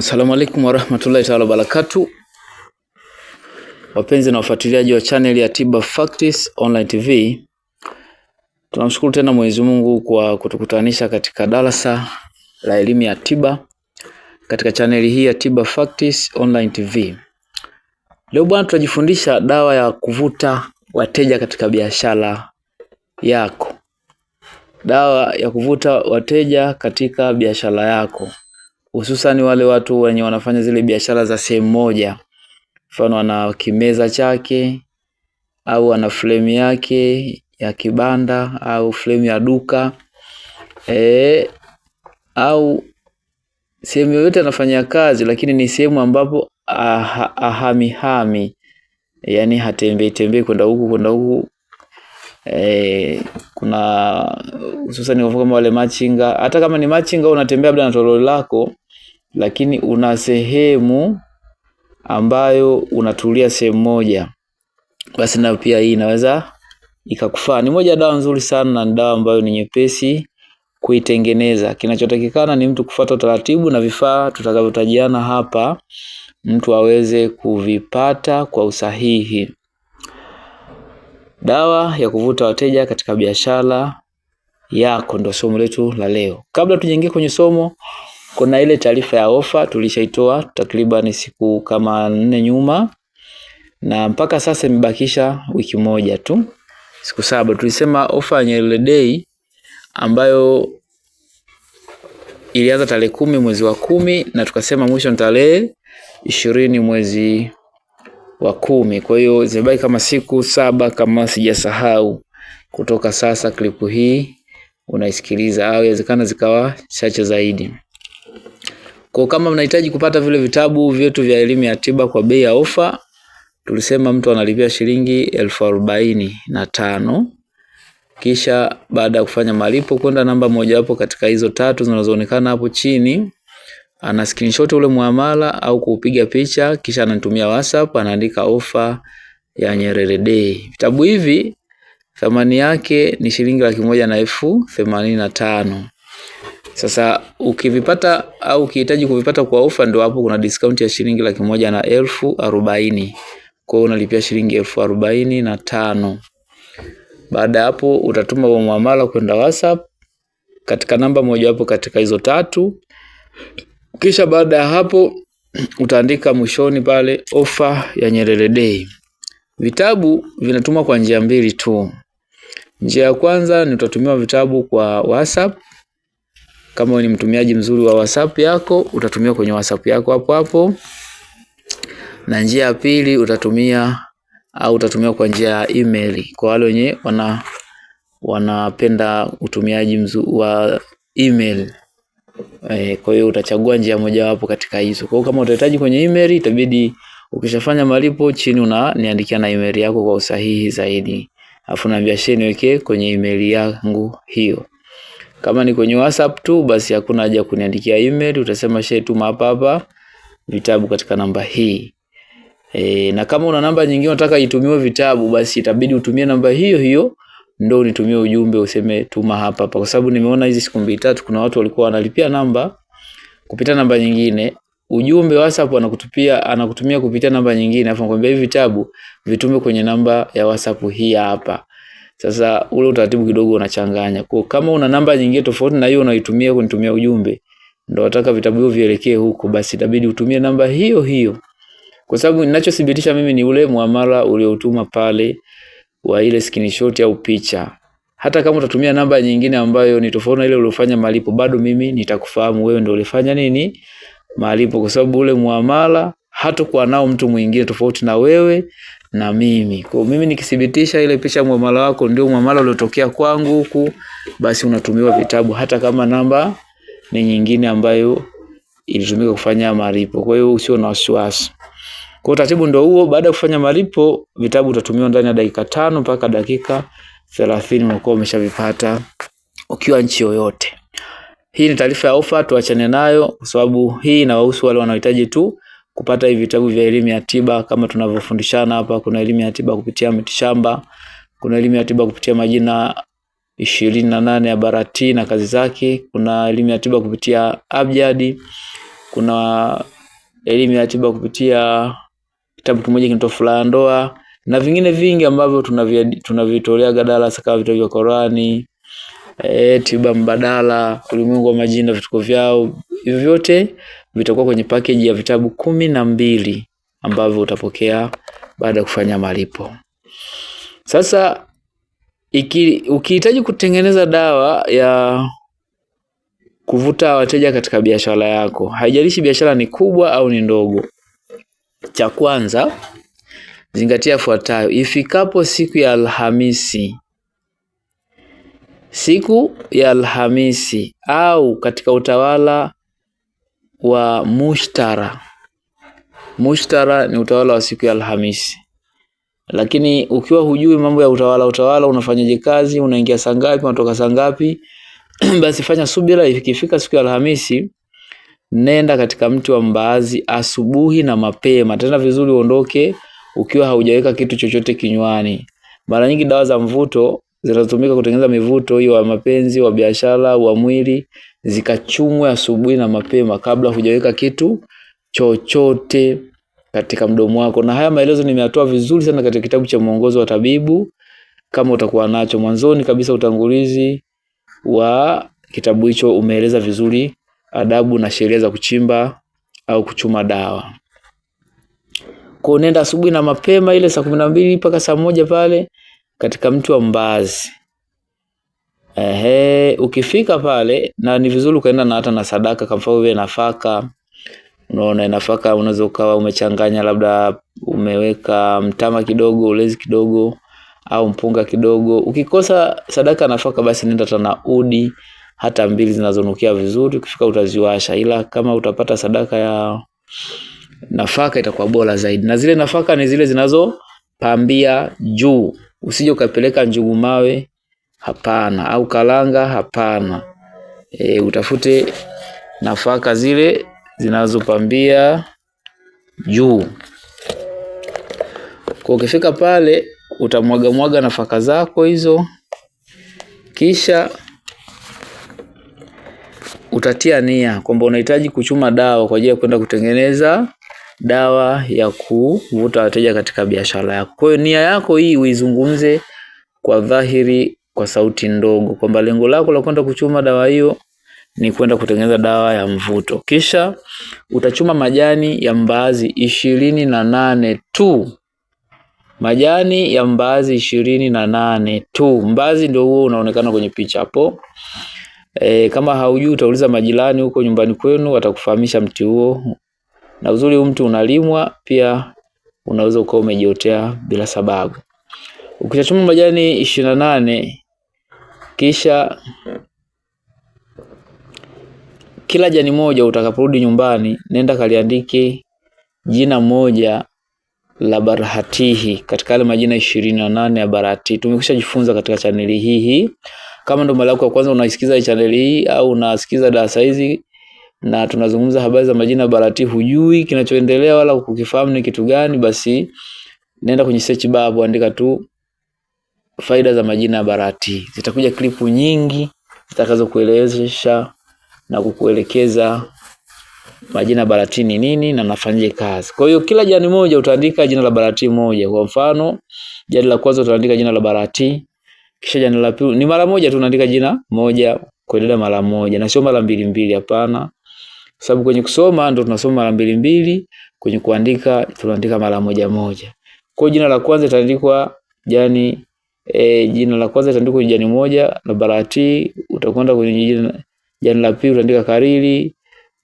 Naam, salamu alaikum warahmatullahi taala wabarakatu, wapenzi na wafuatiliaji wa chaneli ya Tiba Facts Online TV, tunamshukuru tena Mwenyezi Mungu kwa kutukutanisha katika darasa la elimu ya tiba katika chaneli hii ya Tiba Facts Online TV. Leo bwana, tutajifundisha dawa ya kuvuta wateja katika biashara yako, dawa ya kuvuta wateja katika biashara yako hususani wale watu wenye wanafanya zile biashara za sehemu moja, mfano ana kimeza chake au ana fremu yake ya kibanda au fremu ya duka e, au sehemu yoyote anafanya kazi, lakini ni sehemu ambapo aha, ahamihami, yani hatembei tembei kwenda huku kwenda huku e, kuna hususani kama wale machinga, hata kama ni machinga unatembea labda na toroli lako lakini una sehemu ambayo unatulia sehemu moja, basi nayo pia hii inaweza ikakufaa. Ni moja dawa nzuri sana na ni dawa ambayo ni nyepesi kuitengeneza. Kinachotakikana ni mtu kufuata utaratibu na vifaa tutakavyotajiana hapa, mtu aweze kuvipata kwa usahihi. Dawa ya kuvuta wateja katika biashara yako, ndo somo letu la leo. Kabla tujaingia kwenye somo kuna ile taarifa ya ofa tulishaitoa takriban siku kama nne nyuma, na mpaka sasa imebakisha wiki moja tu, siku saba. Tulisema ofa ya Nyerere Day ambayo ilianza tarehe kumi mwezi wa kumi na tukasema mwisho ni tarehe ishirini mwezi wa kumi. Kwa hiyo zimebaki kama siku saba kama sijasahau, kutoka sasa klipu hii unaisikiliza, au inawezekana zikawa chache zaidi. Kwa kama mnahitaji kupata vile vitabu vyetu vya elimu ya tiba kwa bei ya ofa, tulisema mtu analipia shilingi elfu arobaini na tano. Kisha baada ya kufanya malipo kwenda namba hapo katika hizo tatu zinazoonekana hapo chini, ana screenshot ule muamala au kuupiga picha, kisha anatumia WhatsApp, anaandika ofa ya Nyerere Day. Vitabu hivi thamani yake ni shilingi laki moja na elfu themanini na tano. Sasa ukivipata au ukihitaji kuvipata kwa ofa, ndo hapo kuna discount ya shilingi laki moja na elfu arobaini. Kwa hiyo unalipia shilingi elfu arobaini na tano. Baada ya hapo utatuma wa muamala kwenda WhatsApp katika namba moja hapo katika hizo tatu. Kisha baada ya hapo utaandika mwishoni pale ofa ya Nyerere Day. Vitabu vinatumwa kwa njia mbili tu. Njia ya kwanza ni utatumiwa vitabu kwa WhatsApp kama wewe ni mtumiaji mzuri wa WhatsApp yako, utatumia kwenye WhatsApp yako hapo hapo. Na njia ya pili utatumia au utatumia kwa njia ya email. Kwa wale wenye wana wanapenda utumiaji mzuri wa email. E, kwa hiyo utachagua njia mojawapo katika hizo. Kwa hiyo kama utahitaji kwenye email itabidi ukishafanya malipo chini unaniandikia na email yako kwa usahihi zaidi. Alafu niambia niweke kwenye email yangu hiyo. Kama ni kwenye WhatsApp tu basi hakuna haja kuniandikia email, utasema shehe, tuma hapa hapa vitabu katika namba hii. E, na kama una namba nyingine unataka itumiwe vitabu basi itabidi utumie namba hiyo hiyo ndio unitumie ujumbe useme tuma hapa hapa, kwa sababu nimeona hizi siku mbili tatu kuna watu walikuwa wanalipia namba kupita namba nyingine ujumbe WhatsApp anakutupia anakutumia kupitia namba nyingine, afu nakwambia hivi vitabu vitume kwenye namba ya WhatsApp hii hapa. Sasa ule utaratibu kidogo unachanganya. Kwa kama una namba nyingine tofauti na hiyo unaitumia kunitumia ujumbe, ndio nataka vitabu hivyo vielekee huko, basi itabidi utumie namba hiyo hiyo. Kwa sababu ninachothibitisha mimi ni ule muamala uliotuma pale wa ile screenshot au picha. Hata kama utatumia namba nyingine ambayo ni tofauti na ile uliofanya malipo, bado mimi nitakufahamu wewe ndio ulifanya nini malipo, kwa sababu ule muamala hatakuwa nao mtu mwingine tofauti na wewe na mimi. Kwa mimi nikithibitisha ile picha muamala wako ndio mwamala uliotokea kwangu huku, basi unatumiwa vitabu hata kama namba ni nyingine ambayo ilitumika kufanya malipo. Kwa hiyo usio na wasiwasi. Kwa utaratibu ndio huo. Baada ya kufanya malipo, vitabu utatumiwa ndani ya dakika tano mpaka dakika thelathini unakuwa umeshavipata ukiwa nchi yoyote. Hii ni taarifa ya ofa, tuachane nayo kwa sababu hii inawahusu wale wanaohitaji tu kupata hivi vitabu vya elimu ya tiba kama tunavyofundishana hapa. Kuna elimu ya tiba kupitia mitishamba, kuna elimu ya tiba kupitia majina ishirini na nane ya barati na kazi zake, kuna elimu ya tiba kupitia abjadi, kuna elimu ya tiba kupitia kitabu kimoja kinaitwa Furaha Ndoa na vingine vingi ambavyo tunavitolea gadala kama vitabu vya Korani, e, tiba mbadala, ulimwengu wa majini na vituko vyao, hivyo vyote vitakuwa kwenye package ya vitabu kumi na mbili ambavyo utapokea baada ya kufanya malipo. Sasa iki, ukihitaji kutengeneza dawa ya kuvuta wateja katika biashara yako, haijalishi biashara ni kubwa au ni ndogo. Cha kwanza zingatia yafuatayo: ifikapo siku ya Alhamisi, siku ya Alhamisi au katika utawala wa Mushtara. Mushtara ni utawala wa siku ya Alhamisi. Lakini ukiwa hujui mambo ya utawala, utawala unafanyaje kazi, unaingia saa ngapi, unatoka saa ngapi, basi fanya subira. Ikifika siku ya Alhamisi, nenda katika mti wa mbaazi asubuhi na mapema, tena vizuri uondoke ukiwa haujaweka kitu chochote kinywani. Mara nyingi dawa za mvuto zinazotumika kutengeneza mivuto hiyo wa mapenzi, wa biashara, wa mwili zikachumwe asubuhi na mapema kabla hujaweka kitu chochote katika mdomo wako. Na haya maelezo nimeyatoa vizuri sana katika kitabu cha Mwongozo wa Tabibu, kama utakuwa nacho. Mwanzoni kabisa, utangulizi wa kitabu hicho umeeleza vizuri adabu na sheria za kuchimba au kuchuma dawa. Kwa nenda asubuhi na mapema ile saa kumi na mbili mpaka saa moja pale katika mti wa mbazi. Ehe, ukifika pale na ni vizuri ukaenda na hata na sadaka, mfano vile nafaka. Unaona, nafaka unaweza ukawa umechanganya, labda umeweka mtama kidogo, ulezi kidogo au mpunga kidogo. Ukikosa sadaka nafaka, basi nenda tena udi hata mbili zinazonukia vizuri, ukifika utaziwasha, ila kama utapata sadaka ya nafaka itakuwa bora zaidi. Na zile nafaka ni zile zinazopambia juu usije ukapeleka njugu mawe, hapana, au karanga, hapana. E, utafute nafaka zile zinazopambia juu. Kwa ukifika pale utamwaga mwaga nafaka zako hizo, kisha utatia nia kwamba unahitaji kuchuma dawa kwa ajili ya kwenda kutengeneza dawa ya kuvuta wateja katika biashara yako. Kwa hiyo nia yako hii uizungumze kwa dhahiri, kwa sauti ndogo, kwamba lengo lako la kwenda kuchuma dawa hiyo ni kwenda kutengeneza dawa ya mvuto. Kisha utachuma majani ya mbaazi ishirini na nane tu, majani ya mbaazi ishirini na nane tu. Mbaazi ndio huo unaonekana kwenye picha hapo. E, kama haujui utauliza majirani huko nyumbani kwenu, watakufahamisha mti huo na uzuri huu mti unalimwa pia, unaweza ukawa umejiotea bila sababu. Ukishachuma majani ishirini na nane kisha kila jani moja utakaporudi nyumbani, nenda kaliandike jina moja la barahatihi katika yale majina ishirini na nane ya barati. Tumekwisha jifunza katika chaneli hii hii. Kama ndo mara yako ya kwanza unaisikiza chaneli hii au unasikiza darasa hizi, na tunazungumza habari za majina barati, hujui kinachoendelea wala kukifahamu ni kitu gani, basi nenda kwenye search bar hapo, andika tu faida za majina ya barati. Zitakuja klipu nyingi zitakazokuelezesha na kukuelekeza majina barati ni nini na nafanyia kazi. Kwa hiyo kila jani moja utaandika jina la barati moja. Kwa mfano, jani la kwanza utaandika jina la barati, kisha jani la pili ni mara moja tu unaandika jina moja kuendelea mara moja, na sio mara mbili mbili, hapana sababu kwenye kusoma ndo tunasoma mara mbili mbili, kwenye kuandika tunaandika mara moja moja. Kwa jina la kwanza itaandikwa jani e, jina la kwanza itaandikwa kwenye jani moja na barati, utakwenda kwenye jina, jani la pili utaandika karili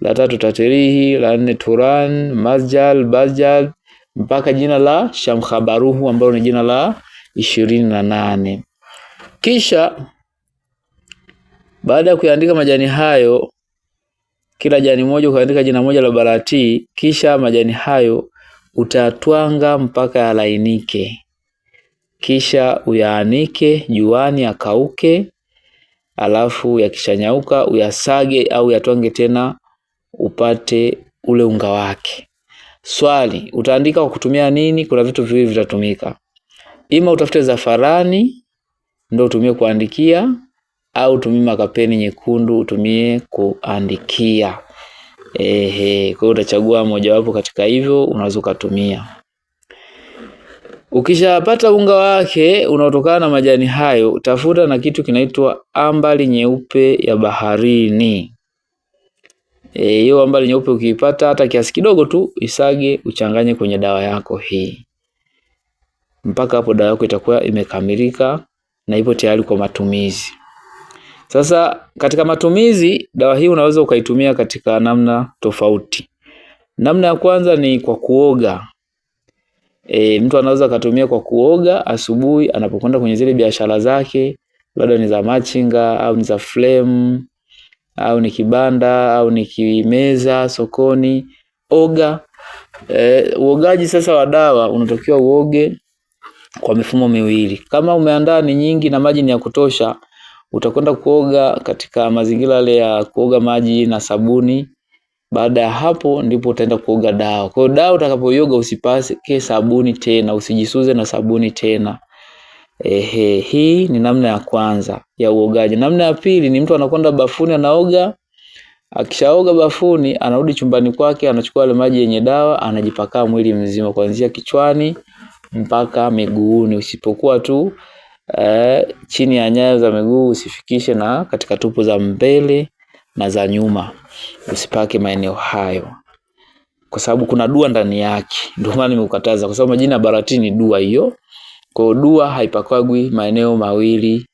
la tatu taterihi, la nne turan, mazjal, bazjal mpaka jina la shamkhabaruhu ambalo ni jina la ishirini na nane. Kisha baada ya kuyaandika majani hayo kila jani moja ukaandika jina moja la baratii, kisha majani hayo utatwanga mpaka yalainike, kisha uyaanike juani yakauke, alafu yakishanyauka uyasage au yatwange tena upate ule unga wake. Swali, utaandika kwa kutumia nini? Kuna vitu viwili vitatumika, ima utafute zafarani ndio utumie kuandikia au utumie makapeni nyekundu utumie kuandikia. Ehe, kwa utachagua mojawapo katika hivyo unaweza ukatumia. Ukishapata unga wake unaotokana na majani hayo, tafuta na kitu kinaitwa ambali nyeupe ya baharini. E, hiyo e, ambali nyeupe ukiipata hata kiasi kidogo tu, isage uchanganye kwenye dawa yako hii. Mpaka hapo dawa yako itakuwa imekamilika na ipo tayari kwa matumizi. Sasa katika matumizi, dawa hii unaweza ukaitumia katika namna tofauti. Namna ya kwanza ni kwa kuoga. E, mtu anaweza akatumia kwa kuoga asubuhi anapokwenda kwenye zile biashara zake, labda ni za machinga au ni za flame au ni kibanda au ni kimeza sokoni, oga. E, uogaji sasa wa dawa unatakiwa uoge kwa mifumo miwili. Kama umeandaa ni nyingi na maji ni ya kutosha, Utakwenda kuoga katika mazingira yale ya kuoga maji na sabuni. Baada ya hapo ndipo utaenda kuoga dawa. Kwa hiyo dawa utakapoyoga usipake sabuni tena, usijisuze na sabuni tena. Ehe, hii ni namna ya kwanza ya uogaji. Namna ya pili ni mtu anakwenda bafuni anaoga, akishaoga bafuni anarudi chumbani kwake, anachukua yale maji yenye dawa, anajipaka mwili mzima kuanzia kichwani mpaka miguuni, usipokuwa tu eh, chini ya nyayo za miguu usifikishe, na katika tupu za mbele na za nyuma usipake maeneo hayo, kwa sababu kuna dua ndani yake. Ndio maana nimekukataza, kwa sababu majina ya barati ni dua hiyo. Kwa dua haipakwagwi maeneo mawili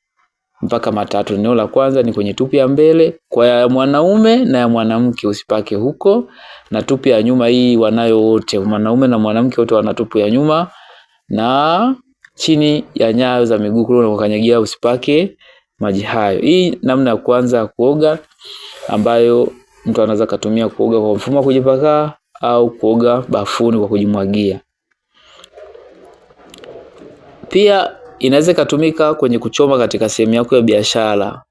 mpaka matatu. Eneo la kwanza ni kwenye tupu ya mbele kwa ya mwanaume na ya mwanamke, usipake huko, na tupu ya nyuma hii wanayo wote, mwanaume na mwanamke wote wana tupu ya nyuma na chini ya nyayo za miguu kule unakanyagia, usipake maji hayo. Hii namna ya kwanza ya kuoga ambayo mtu anaweza kutumia kuoga kwa mfumo wa kujipaka au kuoga bafuni kwa kujimwagia. Pia inaweza ikatumika kwenye kuchoma katika sehemu yako ya biashara.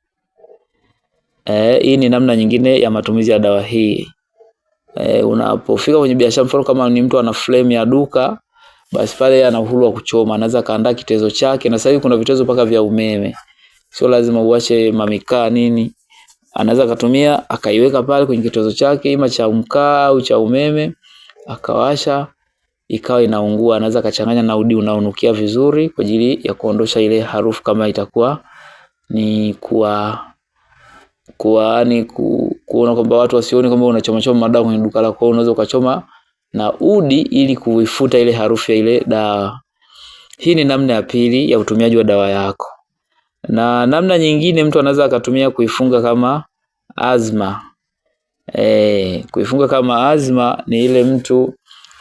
E, hii ni namna nyingine ya matumizi ya dawa hii. E, unapofika kwenye biashara, mfano kama ni mtu ana flame ya duka basi pale ana uhuru wa kuchoma, anaweza kaandaa kitezo chake, na sasa hivi kuna vitezo mpaka vya umeme, sio lazima uache mamikaa nini, anaweza katumia akaiweka pale kwenye kitezo chake, ima cha mkaa au cha umeme, akawasha ikawa inaungua, anaweza kachanganya na udi unaonukia vizuri kwa ajili ya kuondosha ile harufu, kama itakuwa ni kuwa kuwa ni yaani ku, kuona kwamba watu wasioni kwamba unachoma choma madawa kwenye duka lako, unaweza ukachoma na udi ili kuifuta ile harufu ya ile dawa. Hii ni namna ya pili ya utumiaji wa dawa yako. Na namna nyingine mtu anaweza akatumia kuifunga kama azma. E, kuifunga kama azma ni ile mtu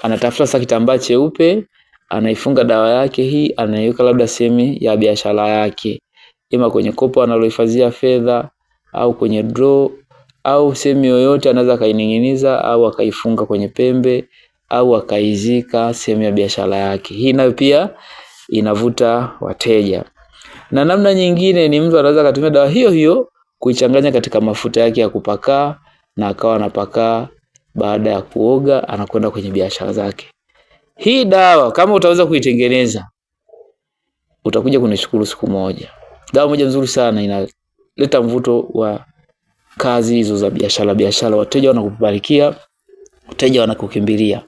anatafuta sasa kitambaa cheupe anaifunga dawa yake hii, anaiweka labda sehemu ya biashara yake, ima kwenye kopo analohifadhia fedha au kwenye draw au sehemu yoyote, anaweza akaining'iniza au akaifunga kwenye pembe au akaizika sehemu ya biashara yake. Hii nayo pia inavuta wateja. Na namna nyingine ni mtu anaweza akatumia dawa hiyo hiyo kuichanganya katika mafuta yake ya kupakaa na akawa anapakaa baada ya kuoga anakwenda kwenye biashara zake. Hii dawa kama utaweza kuitengeneza utakuja kunishukuru siku moja. Dawa moja nzuri sana inaleta mvuto wa kazi hizo za biashara biashara, wateja wanakubarikia wateja wanakukimbilia.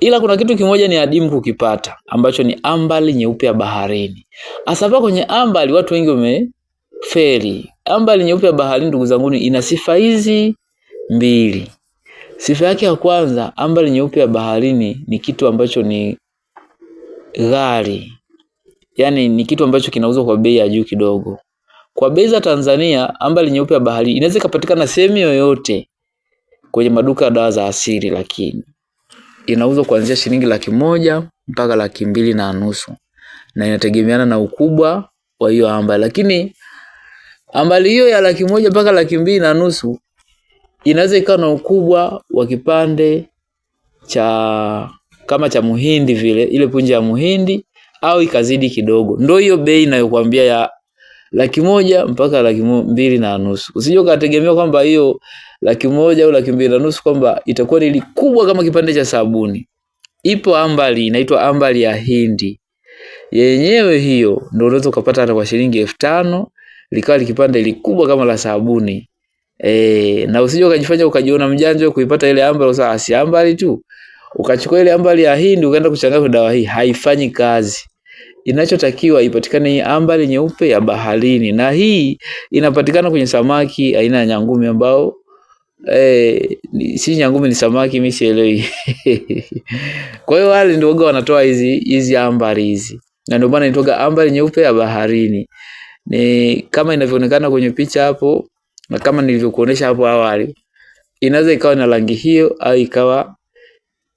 Ila kuna kitu kimoja ni adimu kukipata ambacho ni ambali nyeupe ya baharini. Hasa kwenye ambali watu wengi wameferi. Ambali nyeupe ya baharini, ndugu zangu, ina sifa hizi mbili. Sifa yake ya kwanza, ambali nyeupe ya baharini ni kitu ambacho ni ghali, yaani ni kitu ambacho kinauzwa kwa bei ya juu kidogo. Kwa bei za Tanzania, ambali nyeupe ya baharini inaweza ikapatikana sehemu yoyote kwenye maduka ya dawa za asili lakini inauzwa kuanzia shilingi laki moja mpaka laki mbili na nusu na inategemeana na ukubwa wa hiyo ambali, lakini ambali hiyo ya laki moja mpaka laki mbili na nusu inaweza ikawa na ukubwa wa kipande cha kama cha muhindi vile, ile punje ya muhindi au ikazidi kidogo. Ndio hiyo bei inayokuambia ya laki moja mpaka laki mbili na nusu. Usije ukategemea kwamba hiyo laki moja au laki mbili na nusu kwamba itakuwa ni kubwa kama kipande cha sabuni. Ipo ambali inaitwa ambali ya Hindi, yenyewe hiyo ndio unaweza ukapata hata kwa shilingi elfu tano likawa likipande likubwa kama la sabuni. E, na usije ukajifanya ukajiona mjanja kuipata ile ambali, usasi ambali tu ukachukua ile ambali ya Hindi ukaenda kuchanganya dawa hii, haifanyi kazi. Inachotakiwa ipatikane hii ambari nyeupe ya baharini, na hii inapatikana kwenye samaki aina ya nyangumi ambao eh, si nyangumi ni samaki, mimi sielewi kwa hiyo wale ndio wao wanatoa hizi hizi ambari hizi, na ndio maana inatoka ambari nyeupe ya baharini ni kama inavyoonekana kwenye picha hapo, na kama nilivyokuonesha hapo awali, inaweza ikawa na rangi hiyo au ikawa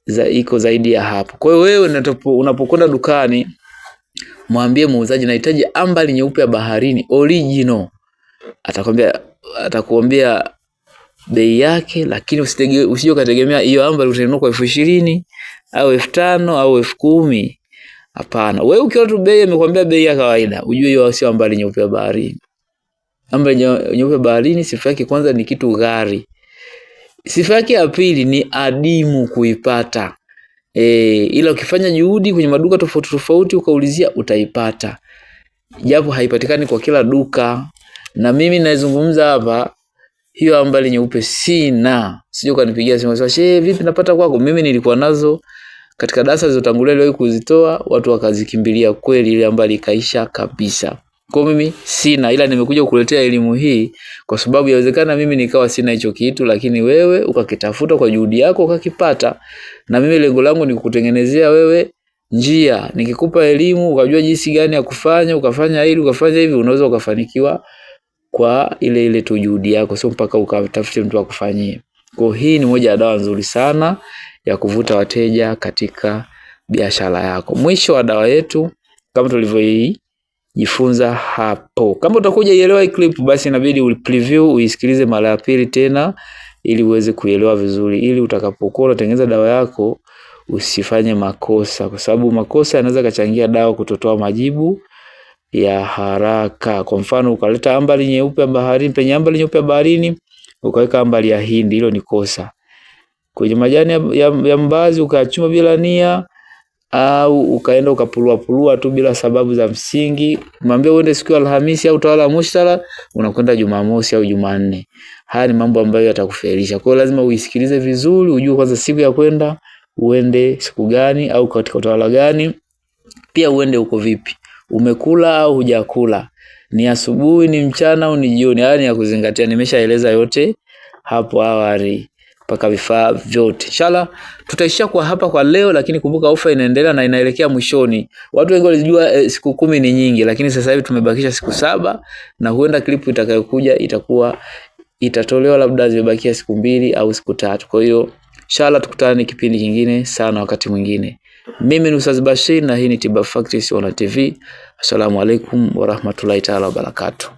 za, iko zaidi ya hapo. Kwa hiyo wewe unapokwenda dukani Mwambie muuzaji nahitaji ambali nyeupe ya baharini original. Atakwambia atakuambia bei yake lakini usije ukategemea hiyo ambali utainunua kwa elfu ishirini au elfu tano au elfu kumi. Hapana. Wewe ukiona tu bei amekwambia bei ya kawaida, ujue hiyo sio ambali nyeupe ya baharini. Ambali nyeupe ya baharini sifa yake kwanza ni kitu ghali. Sifa yake ya pili ni adimu kuipata e, ila ukifanya juhudi kwenye maduka tofauti tofauti ukaulizia utaipata, japo haipatikani kwa kila duka. Na mimi naizungumza hapa hiyo ambali nyeupe sina, sio ukanipigia simu sasa, shee, vipi, napata kwako? Mimi nilikuwa nazo katika darasa zilizotangulia, leo kuzitoa, watu wakazikimbilia kweli, ile ambali ikaisha kabisa. Kwa mimi sina, ila nimekuja kukuletea elimu hii kwa sababu yawezekana mimi nikawa sina hicho kitu, lakini wewe ukakitafuta kwa juhudi yako ukakipata, na mimi lengo langu ni kukutengenezea wewe njia, nikikupa elimu ukajua jinsi gani ya kufanya, ukafanya hili ukafanya hivi, unaweza ukafanikiwa kwa ile ile tu juhudi yako, sio mpaka ukatafute mtu akufanyie. Kwa hii ni moja ya dawa nzuri sana ya kuvuta wateja katika biashara yako. Mwisho wa dawa yetu kama tulivyoi jifunza hapo. Kama utakuja ielewa hii clip, basi inabidi preview uisikilize mara ya pili tena, ili uweze kuielewa vizuri, ili utakapokuwa unatengeneza dawa yako usifanye makosa, kwa sababu makosa yanaweza kachangia dawa kutotoa majibu ya haraka. Kwa mfano, ukaleta ambali nyeupe ya baharini penye ambali nyeupe ya baharini ukaweka ambali ya Hindi, hilo ni kosa. Kwenye majani ya, ya, ya mbazi ukachuma bila nia au ukaenda ukapulua pulua tu bila sababu za msingi, mwambie uende siku ya Alhamisi au tawala mushtara, unakwenda Jumamosi au Jumanne. Haya ni mambo ambayo yatakufailisha. Kwa hiyo lazima uisikilize vizuri, ujue kwanza siku ya kwenda uende siku gani au katika utawala gani. Pia uende uko vipi, umekula au hujakula, ni asubuhi, ni mchana au ni jioni. Haya ni ya kuzingatia, nimeshaeleza yote hapo awali mpaka vifaa vyote. Inshallah tutaishia kwa hapa kwa leo, lakini kumbuka ofa inaendelea na inaelekea mwishoni. Watu wengi walijua e, siku kumi ni nyingi, lakini sasa hivi tumebakisha siku saba na huenda klipu itakayokuja itakuwa itatolewa labda zimebakia siku mbili au siku tatu. Kwa hiyo inshallah tukutane kipindi kingine sana wakati mwingine. Mimi ni Ustaz Bashir na hii ni Tiba Facts on TV. Assalamu alaikum warahmatullahi taala wabarakatuh.